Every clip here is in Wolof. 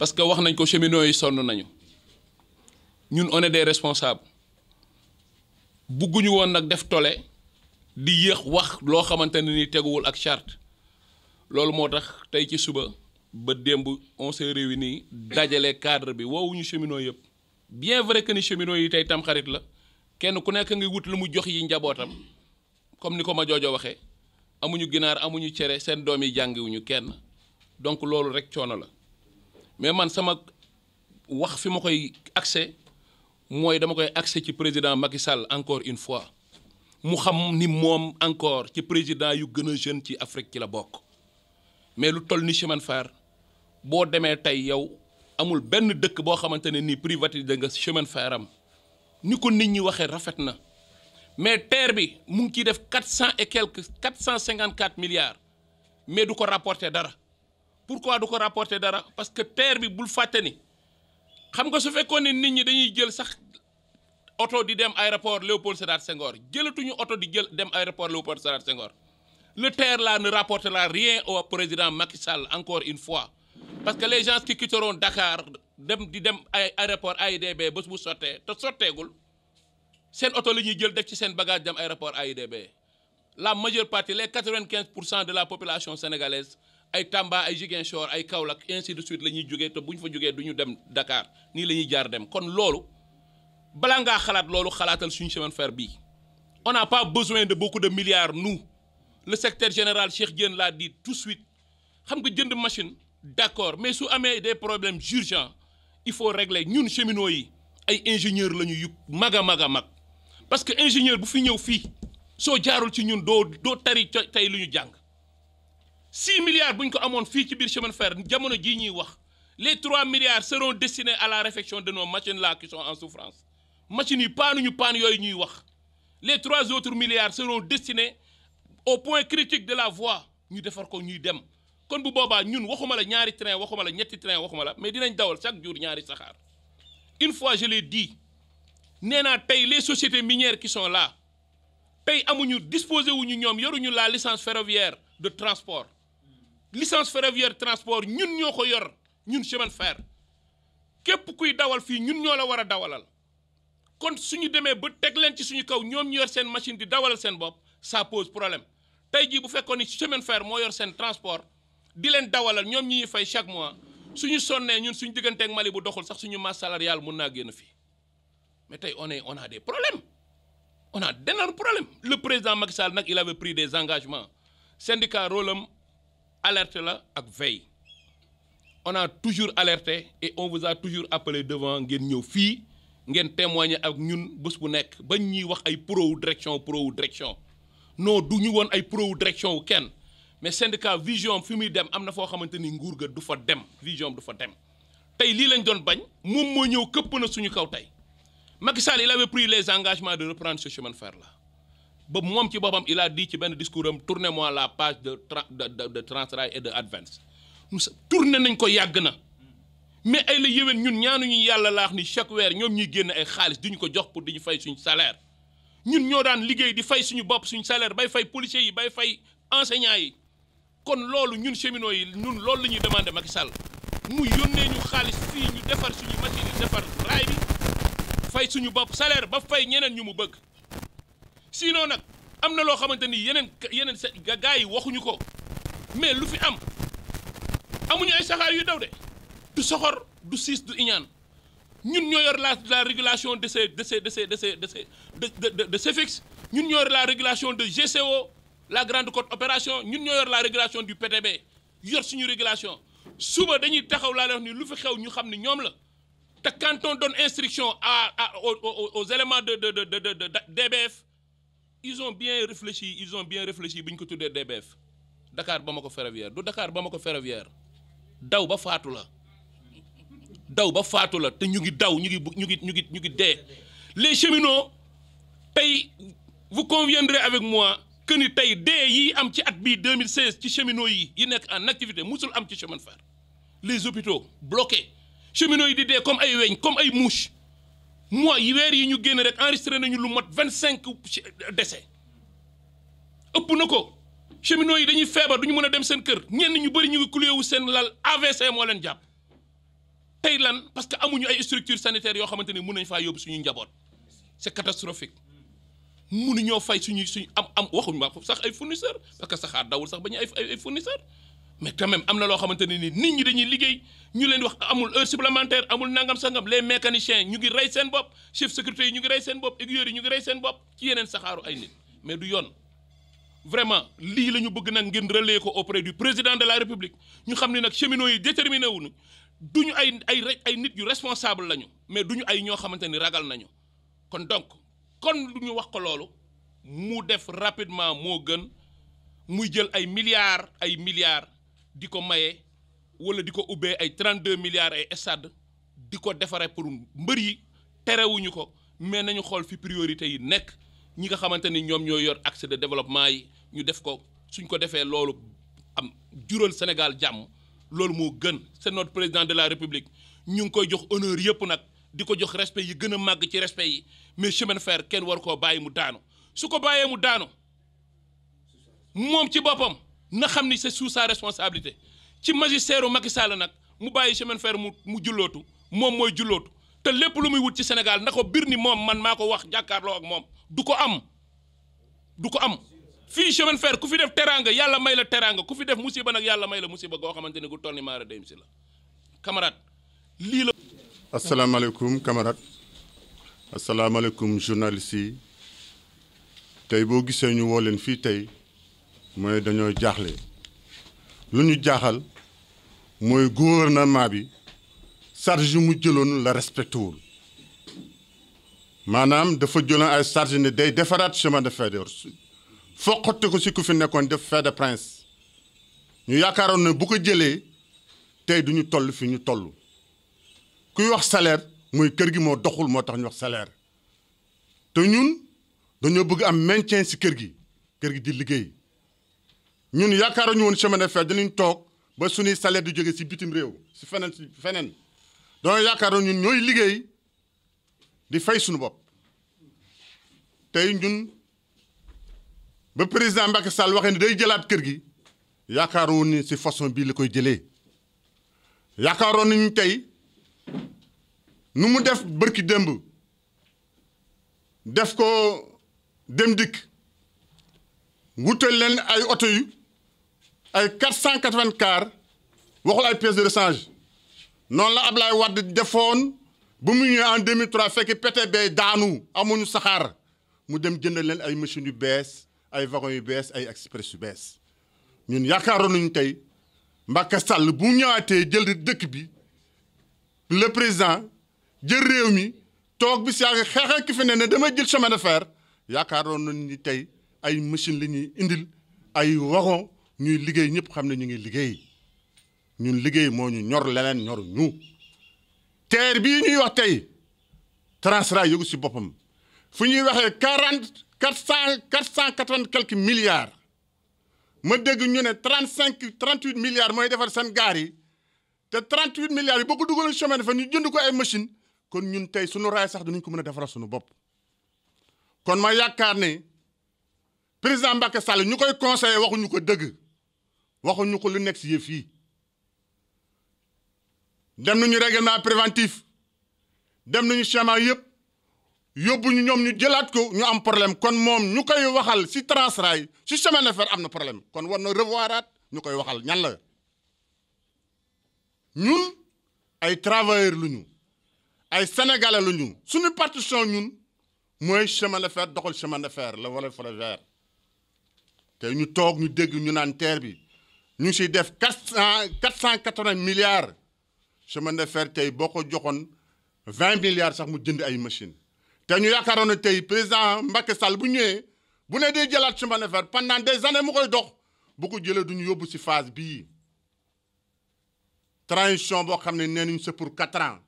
parce que wax nañ ko cheminots yi sonn nañu ñun on est des responsables bugguñu woon nag def tole di yéex wax loo xamante ne ni teguwul ak charte loolu moo tax tey ci suba ba démb on yi réunis dajale cadre bi woowuñu cheminots yëpp bien vrai que ni cheminots yi tey tam xarit la kenn ku nekk ngi wut lu mu jox yi njabootam comme ni ko ma joojo waxee amuñu ginaar amuñu cere seen doom yi jàngiwuñu kenn donc loolu rek coono la. mais man sama wax fi ma koy accès mooy dama koy accès ci président Macky encore une fois mu xam ni moom encore ci président yu gën a jeune ci Afrique ci la bokk mais lu toll ni chemin fer boo demee tey yow amul benn dëkk boo xamante ne nii privatisé nga chemin fer am ni ko nit ñi waxee rafet na mais terre bi mu ngi ciy def quatre cent et quelques cent cinquante quatre milliards mais du ko rapporter dara. pourquoi du ko rapporter dara parce que terre bi bul fàtte ni xam nga su fekkoon ne nit ñi dañuy jël sax oto di dem aéroport Léopold Sédar Senghor jëlatuñu oto di jël dem aéroport Léopold Sédar Senghor le terre là ne rapportera rien au président Macky Sall encore une fois parce que les gens qui quitteront Dakar dem di dem ay aéroport AIBD bés bu sottee te sotteegul seen oto la ñuy jël def ci seen bagage dem aéroport AIBD la majeure partie les quatre-vingt-quinze pour cent de la population sénégalaise. ay Tamba ay Ziguinchor ay Kaolack ainsi de suite la ñuy jógee te bu ñu fa jógee duñu dem Dakar nii la ñuy jaar dem kon loolu balaa ngaa xalaat loolu xalaatal suñu chemin faire fer bii on n'a pas besoin de beaucoup de milliards nous le secrétaire général Cheikh Diène l'a dit tout suite xam nga jënd machine d'accord mais su amee des problème urgents il faut régler ñun cheminots yi ay ingénieurs la ñu yu mag a mag a mag parce que ingénieur bu fi ñëw fii soo jaarul ci ñun doo doo tari tey lu ñu jàng six milliards bu ko amoon fii ci biir chemin de fer jamono jii ñuy wax les trois milliards seront destinés à la réfection de nos machines là qui sont en souffrance machines yi ñu paan yooyu ñuy wax les trois autres milliards seront destinés au point critique de la voie ñu defar ko ñuy dem kon bu boobaa ñun waxuma la ñaari train waxuma la ñetti train waxuma la mais dinañ dawal chaque jour ñaari saxaar une fois je l'ai dit nee naa tey les sociétés minières qui sont tey amuñu disposé wuñu ñoom yoruñu la licence ferroviaire de transport licence ferroviaire transport ñun ñoo ko yor ñun semaine de képp kuy dawal fii ñun ñoo la war a dawalal kon suñu demee ba teg leen ci suñu kaw ñoom ñu yor seen machine di dawalal seen bopp ça pose problème tey jii bu fekkoon ni chemin de fer moo yor seen transport di leen dawalal ñoom ñi ñuy fay chaque mois suñu sonnee ñun suñu digganteeg Mali bu doxul sax suñu masse salariale mun naa génn fii mais tey on est on a des problèmes on a d'énormes problèmes le président Macky Sall nag il avait pris des engagements syndicat rôlam alerte la ak veille on toujours alerte et on vous a toujours appelé devant ngeen ñëw fii ngeen témoigner ak ñun bés bu nekk bañ ñuy wax ay pro wu direction pro wu direction noo du ñu woon ay pro wu direction wu kenn mais syndicat vision fi muy dem am na foo xamante ni nguur ga du fa dem vision du fa dem tey lii lañ doon bañ moom moo ñëw këpp na suñu kaw tey Macky Sall il avait pris les engagements de reprendre ce chemin de fer ba moom ci boppam il a dit ci benn discours am tournez-moi la page de de de Transrail et de Advance tourné nañ ko yàgg na mais ay la yéwén ñun ñaanuñu yàlla laax ni chaque weer ñoom ñuy génn ay xaalis duñu ko jox pour di ñu fay suñu salaire ñun ñoo daan liggéey di fay suñu bopp suñu salaire bay fay policiers yi bay fay enseignants yi kon loolu ñun cheminots yi ñun loolu la ñuy demandé Macky Sall mu yónnee ñu xaalis fii ñu defar suñu machine yi defar raay bi fay suñu salaire ba fay ñeneen ñu mu bëgg. sinon nag am na loo xamante ni yeneen yeneen sa gars yi waxuñu ko mais lu fi am amuñu ay saxaar yu daw de du soxor du siis du iñaan ñun ñoo yor la la régulation de ces de ces de ces de ces de ñun ñoo yor la régulation de GCO la grande côte opération ñun ñoo yor la régulation du PTB yor suñu régulation suba dañuy taxaw laa la wax ni lu fi xew ñu xam ne ñoom la te kanton don instriction instruction à à aux éléments de de de de DBF. ils ont bien réfléchi ils ont bien réfléchi bi ñu ko tuddee dakaar ba ma ko Ferroviaire du dakaar Dakar ko Ferroviaire daw ba faatu la daw ba faatu la te ñu ngi daw ñu ngi ñu ngi ñu ngi ñu ngi dee les cheminots tey vous conviendrez avec moi que ni tey dee yi am ci at bii 2016 ci cheminots yi yi nekk en activité mosul am ci chemin de fer les hôpitaux bloqués cheminots yi di dee comme ay weñ comme ay mouche mois yi weer yi ñu génn rek enregistré nañu lu mat vingt cinq décès ëpp na ko cheminots yi dañuy feebar du ñu mën a dem seen kër ñenn ñu bëri ñu ngi wu seen lal AVC moo leen jàpp tey lan parce que amuñu ay structures sanitaires yoo xamante ne mun nañ faa yóbbu suñu njaboot mu catastrophique mënuñoo fay suñu suñu am am waxuñu ma sax ay fournisseurs parce saxaar dawul sax ba ñu ay ay fournisseurs mais quand am na loo xamante ne ni nit ñi dañuy liggéey ñu leen wax amul heure supplémentaire amul nangam sangam les mécaniciens ñu ngi rey seen bopp chef sécurité yi ñu ngi rey seen bopp aiguilleurs yi ñu ngi rey seen bopp ci yeneen saxaaru ay nit mais du yoon vraiment lii la ñu bëgg nag ngeen relayer ko auprès du président de la république ñu xam ni nag cheminots yi déterminé wuñu duñu ay ay ay nit yu responsable lañu mais du ñu ay ñoo xamante ni ragal nañu kon donc kon lu ñu wax ko loolu mu def rapidement moo gën muy jël ay milliards ay milliards di ko maye wala di ko ubbee ay 32 milliards ay stade di ko defaree pour mbër yi terewuñu ko mais nañu xool fi priorité yi nekk ñi nga xamante ni ñoom ñoo yor accès de développement yi ñu def ko suñ ko defee loolu am jural Sénégal jàmm loolu moo gën c'est notre président de la République ñu ngi koy jox honneur yëpp nag di ko jox respect yi gën a màgg ci respect yi mais chemin de kenn waru koo bàyyi mu daanu su ko bàyyee mu daanu moom ci boppam. na xam ni c'est sous sa responsabilité ci magistère u Macky nag mu bàyyi semaine fair mu mu jullootu moom mooy jullootu te lépp lu muy wut ci Sénégal na ko bir ni moom man maa ko wax jàkkaarloo ak moom du ko am du ko am fii chemin fer ku fi def teraanga yàlla may la teraanga ku fi def musiba nag yàlla may la musiba goo xamante ne gu toll ni maara dem si la camarade lii la. asalaamaaleykum camarade asalaamaaleykum journaliste yi tey boo gisee ñu leen fii tey. mooy dañoo jaaxle lu ñu jaaxal mooy gouvernement bi charge mu jëloon la respecté maanaam dafa jëloon ay charge ne day defaraat chemin de fer foqate ko si ku fi nekkoon def fer de prince ñu yaakaaroon ne bu ko jëlee tey du toll fii ñu toll kuy wax salaire mooy kër gi moo doxul moo tax ñu wax salaire te ñun dañoo bëgg am maintien si kër gi kër gi di liggéey ñun yaakaaruñu woon chemin de fer dinañ toog ba suñuy salaire di jóge si bitim réew si feneen si feneen donc yaakaaroon ñun ñooy liggéey di fay suñu bopp tey ñun ba président Macky Sall waxe ni day jëlaat kër gi yaakaaroon ni si façon bii li koy jëlee yaakaaroon nañu tey nu mu def bërki démb def ko dem dikk wutal leen ay oto yu ay 480 car waxul ay pièces de rechange noonu la Ablaye Wade defoon bu mu ñëwee en 2003 fekk PTB daanu amuñu saxaar mu dem jënd leen ay machines yu bees ay wagons yu bees ay express yu bees ñun yaakaaroon nañu tey Macky sàll bu ñëwaatee jël dëkk bi le président jël réew mi toog bi si yàgg xeexee ki fi ne ne damay jël chemin de fer yaakaaroon nañu ni tey ay machine la ñuy indil ay wagon ñuy liggéey ñëpp xam ne ñu ngi liggéey ñun liggéey moo ñu ñor leneen ñoru ñu TER bii ñuy wax tey Transrail yëgu si boppam fu ñuy waxee quarante quatre cent quatre cent quatre-vingt quelques milliards ma dégg ñu ne trente cinq trente huit milliards mooy defar seen gaar yi te trente huit milliards boo ko dugaloon semaine de fer jënd ko ay machine kon ñun tey suñu raay sax dinañ ko mën a defaral suñu bopp. kon ma yaakaar ne président Mbacke Sall ñu koy conseillé waxuñu ko dëgg. waxuñu ko lu nekk ci yëf yi dem nañu règlement préventif dem nañu chemin yëpp yóbbuñu ñoom ñu jëlaat ko ñu am problème kon moom ñu koy waxal si Transrail si chemin de am na problème kon war na revoiraat ñu koy waxal ñan la ñun ay travailleurs lu ñu ay sénégalais lu ñu suñu partition ñun mooy chemin de fer doxal chemin de fer la volet ferroviaire te ñu toog ñu dégg ñu naan terre bi ñu ngi siy def quatre cent quatre cent quatre-vingts milliards chemin de fer tey boo ko joxoon vingt milliards sax mu jënd ay machine te ñu yaakaaroon ne tey président Macky Sall bu ñëwee bu ne dee jëlaat chemin de fer pendant des années mu koy dox bu ko jëlee duñu yóbbu si phase bii transition boo xam ne nee nañu c'est pour quatre ans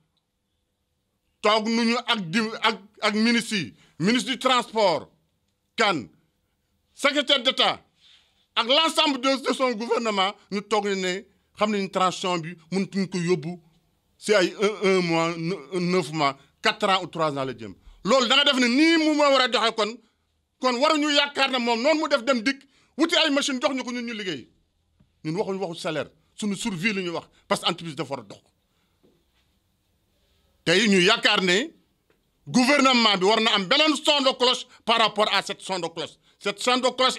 toog nuñu ak di ak ak ministre yi ministre du transport kan secrétaire d'État ak l' ensemble de son gouvernement ñu toog ne ne xam nañu transition bi mënatuñ ko yóbbu si ay un un mois neuf mois quatre ans ou trois ans la jëm. loolu danga def ne nii mu ma war a doxee kon kon ñu yaakaar ne moom noonu mu def dem dikk wuti ay machine jox ñu ko ñun ñu liggéey ñu ñun waxuñu waxu salaire suñu survie la ñuy wax parce que entreprise dafa war a dox. tey ñu yaakaar ne gouvernement bi war na am beneen son de cloche par rapport à cette son de cloche cette son de cloche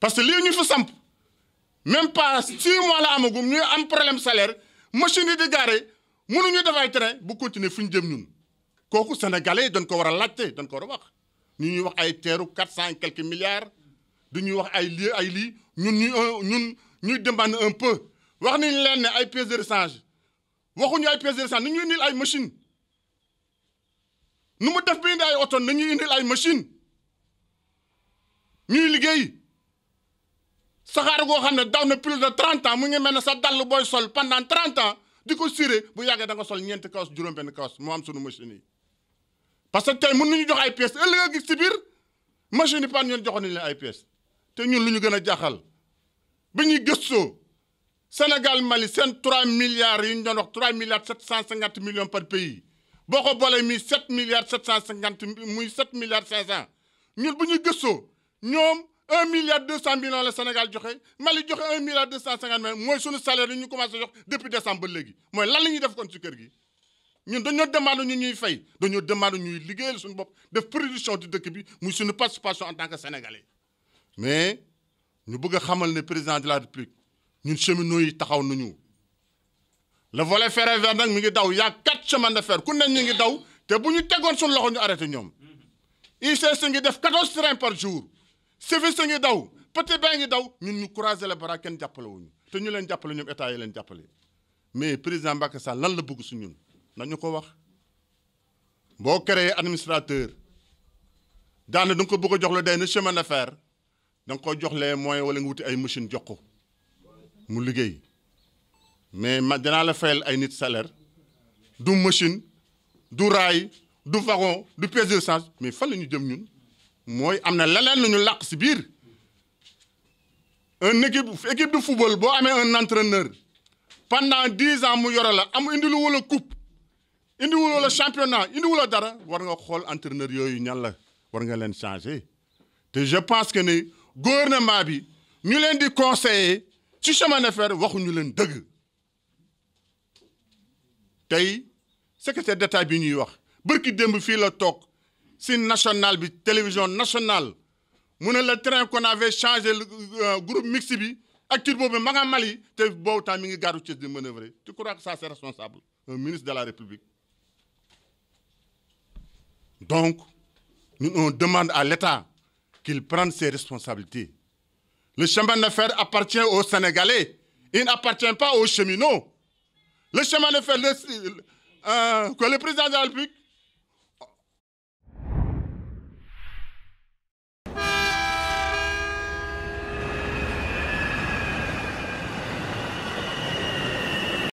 parce que lii ñu fa samp même pas six mois la amagum ñuy am problème salaire machine yi di garé mënuñu def ay train bu continuer fu ñu jëm ñun kooku sénégalais yi dañ ko war a laajte dañ ko war a wax ñu ñuy wax ay teeru quatre cent et quelques milliards du ñuy wax ay lii ay ñun euh, ñun ñuy demande un peu wax nañ leen ne ay pièces de rechange waxuñu ay pièces de rechange nu ñuy indil ay machine nu mu def bi indi ay oto nañuy indil ay machine ñuy liggéey saxaar goo xam ne daw na plus de 30 ans mu ngi mel ne sa dàll booy sol pendant 30 ans di ko suré bu yàggee da nga sol ñeenti kawas juróom-benn kawas moo am sunu machine yi. parce que tey mën nañu jox ay pièces ëllëg a gis ci biir machine yi pan ñoon joxoon nañu leen ay pièces te ñun lu ñu gën a jaaxal bi ñuy gëstoo Sénégal Mali seen 3 milliards yi ñu doon wax 3 milliards 750 millions par pays boo ko boolee muy 7 milliards 750 muy 7 milliards 500 ñun bu ñuy gëstoo ñoom. un milliard deux cent millions la Sénégal joxe Mali joxe un milliard deux cent cinquante millions mooy sunu salaire yi ñu commencé jox depuis décembre ba léegi mooy lan la ñuy def kon ci kër gi ñun dañoo demande ñu ñuy fay dañoo demande ñuy liggéeyal suñu bopp def production di dëkk bi muy suñu participation en tant que sénégalais mais ñu bëgg xamal ne président de la république ñun cheminots yi taxaw nañu le volet ferroviaire nag mi ngi daw y'a quatre chemins de fer ku ne ñu ngi daw te bu ñu tegoon suñu loxo ñu arrêté ñoom ICS ngi def quatorze trains jour service sa ngi daw peut baa ngi daw ñun ñu croiser les bras kenn jàppale wuñu te ñu leen jàppale ñoom état leen jàppale mais président Macky Sall lan la bugg su ñun ñu ko wax boo créé administrateur daana da ko bëgg a jox la day na chemin de fer da nga koy jox les moyens wala wuti ay machine jox ko mu liggéey mais ma danaa la fayal ay nit salaire du machine du raay du wagon du pièce d'essence mais fan la ñu jëm ñun mooy am na leneen lu ñu làq si biir un équipe équipe du football boo amee un entraîneur pandant dix ans mu yore la am indilu wala coupe indilu wala championnat indi wala dara war nga xool entraîneur yooyu ñan la war nga leen changé te je pense que ni gouvernement bi ñu leen di conseiller ci chemin de fer waxuñu leen dëgg tey secrétaire d'état bi ñuy wax bërki démb fii la toog signe national bi télévision nationale mu ne le train qu'on avait changé euh, groupe mixte bi acteur boobu ma nga Mali te boobu temps mi ngi gaaru Thiès di manœuvrer tu crois que ça c'est ministre de la République donc nous on demande à l'État qu'il prenne ses responsabilités le chemin de fer appartient aux Sénégalais il n'appartient pas aux cheminots le chemin de fer le euh, président de la République